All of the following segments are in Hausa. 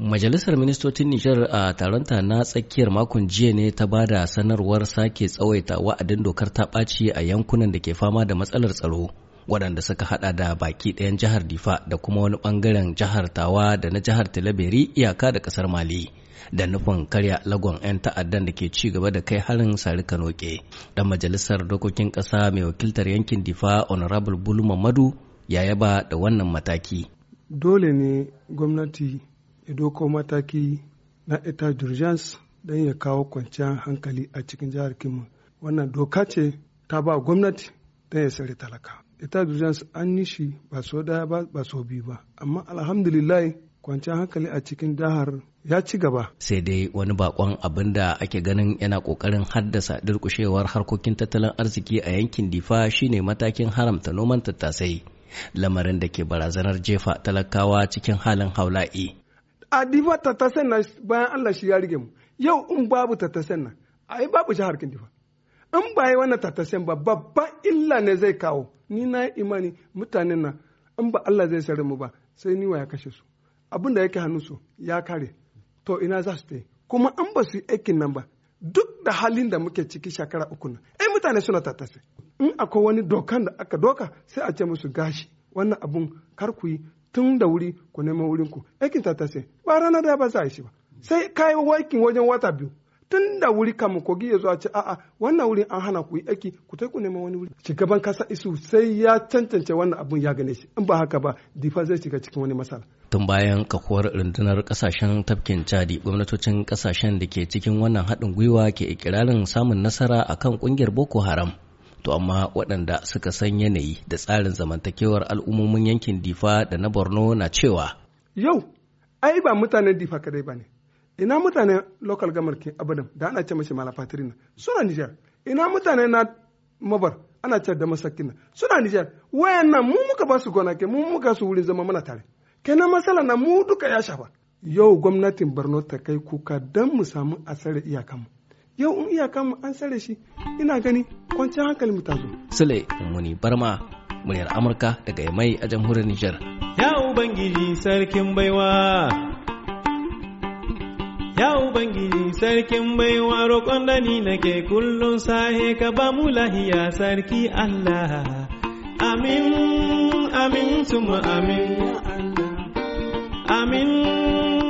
Majalisar Ministocin Nijar a taronta na tsakiyar makon jiya ne ta bada sanarwar sake tsawaita wa'adin dokar ta ɓaci a yankunan da ke fama da matsalar tsaro waɗanda suka hada da baki ɗayan jihar Difa da kuma wani ɓangaren jihar Tawa da na jihar Talaberi iyaka da ƙasar Mali da nufin karya lagon 'yan ta'addan da ke ci gaba da kai harin sari kanoke. Dan majalisar dokokin ƙasa mai wakiltar yankin Difa Honorable Bulu Mamadu ya yaba da wannan mataki. Dole ne gwamnati ya doko mataki na ita d'urgence don ya kawo kwanciyar hankali a cikin jihar Kimu. Wannan doka ce ta ba gwamnati don ya sare talaka. Ita d'urgence an yi shi ba so daya ba ba so biyu ba. Amma alhamdulillah kwanciyar hankali a cikin jihar ya ci gaba. Sai dai wani bakon abin da ake ganin yana kokarin haddasa durkushewar harkokin tattalin arziki a yankin Difa shine matakin haramta noman tattasai. Lamarin da ke barazanar jefa talakawa cikin halin haula'i. a difa ta na bayan Allah shi ya rige mu yau in babu ta nan ai babu harkin difa in ba yi wannan tattasen ba babban illa ne zai kawo ni na imani mutanen nan in ba Allah zai sare mu ba sai niwa ya kashe su abin da yake hannu su ya kare to ina za su tayi kuma an ba su yi aikin nan ba duk da halin da muke ciki shekara uku nan ai mutane suna tattase in akwai wani dokan da aka doka sai a ce musu gashi wannan abun kar ku yi tun da wuri ku neman wurin ku aikin ta ce ba rana da ba za a yi shi ba sai kai wakin wajen wata biyu tun da wuri kam kogi ya zuwa a ce a'a wannan wurin an hana ku yi aiki ku tai ku neman wani wuri shugaban kasa isu sai ya cancanci wannan abun ya gane shi in ba haka ba difa zai shiga cikin wani matsala tun bayan kakuwar rundunar kasashen tafkin chadi gwamnatocin kasashen da ke cikin wannan haɗin gwiwa ke ikirarin samun nasara akan kungiyar boko haram to amma waɗanda suka san yanayi da tsarin zamantakewar al'ummomin yankin difa da na borno na cewa yau ai ba mutanen difa kadai ba ne ina mutanen local gamar king da ana ce mashi malafatirina suna nijar ina mutanen na mabar ana ce da masakin suna nijar wayannan mu muka ba su gonake mu muka su wurin zama mana tare kenan matsala na mu duka ya shafa yau gwamnatin borno ta kai kuka don mu samu asarar iyakanmu yau in iyaka mu an tsare shi ina gani kwanciyar hankali mu tazo sule muni barma muryar amurka daga yamai a jamhuriyar niger ya ubangiji sarkin baiwa ya ubangiji sarkin baiwa roƙon da ni nake kullum sahe ka ba mu lahiya sarki allah amin amin suma amin amin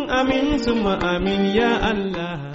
amin suma amin ya allah